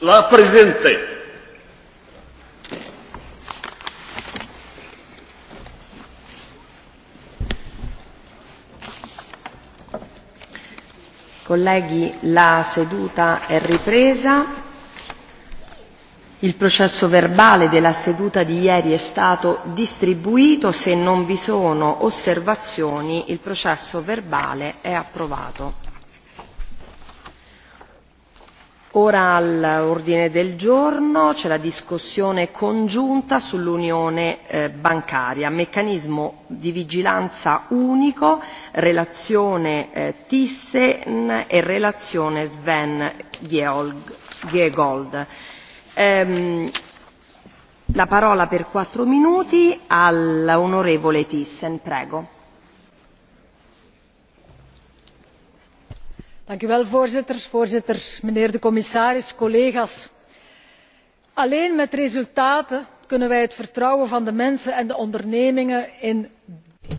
La presente. Colleghi, la seduta è ripresa. Il processo verbale della seduta di ieri è stato distribuito. Se non vi sono osservazioni, il processo verbale è approvato. Ora all'ordine del giorno c'è la discussione congiunta sull'unione eh, bancaria, meccanismo di vigilanza unico, relazione eh, Thyssen e relazione Sven Giegold. Ehm, la parola per quattro minuti all'onorevole Thyssen, prego. voorzitter mijnheer de commissaris collega's alleen met resultaten kunnen wij het vertrouwen van de mensen en de ondernemingen in duurzaamheid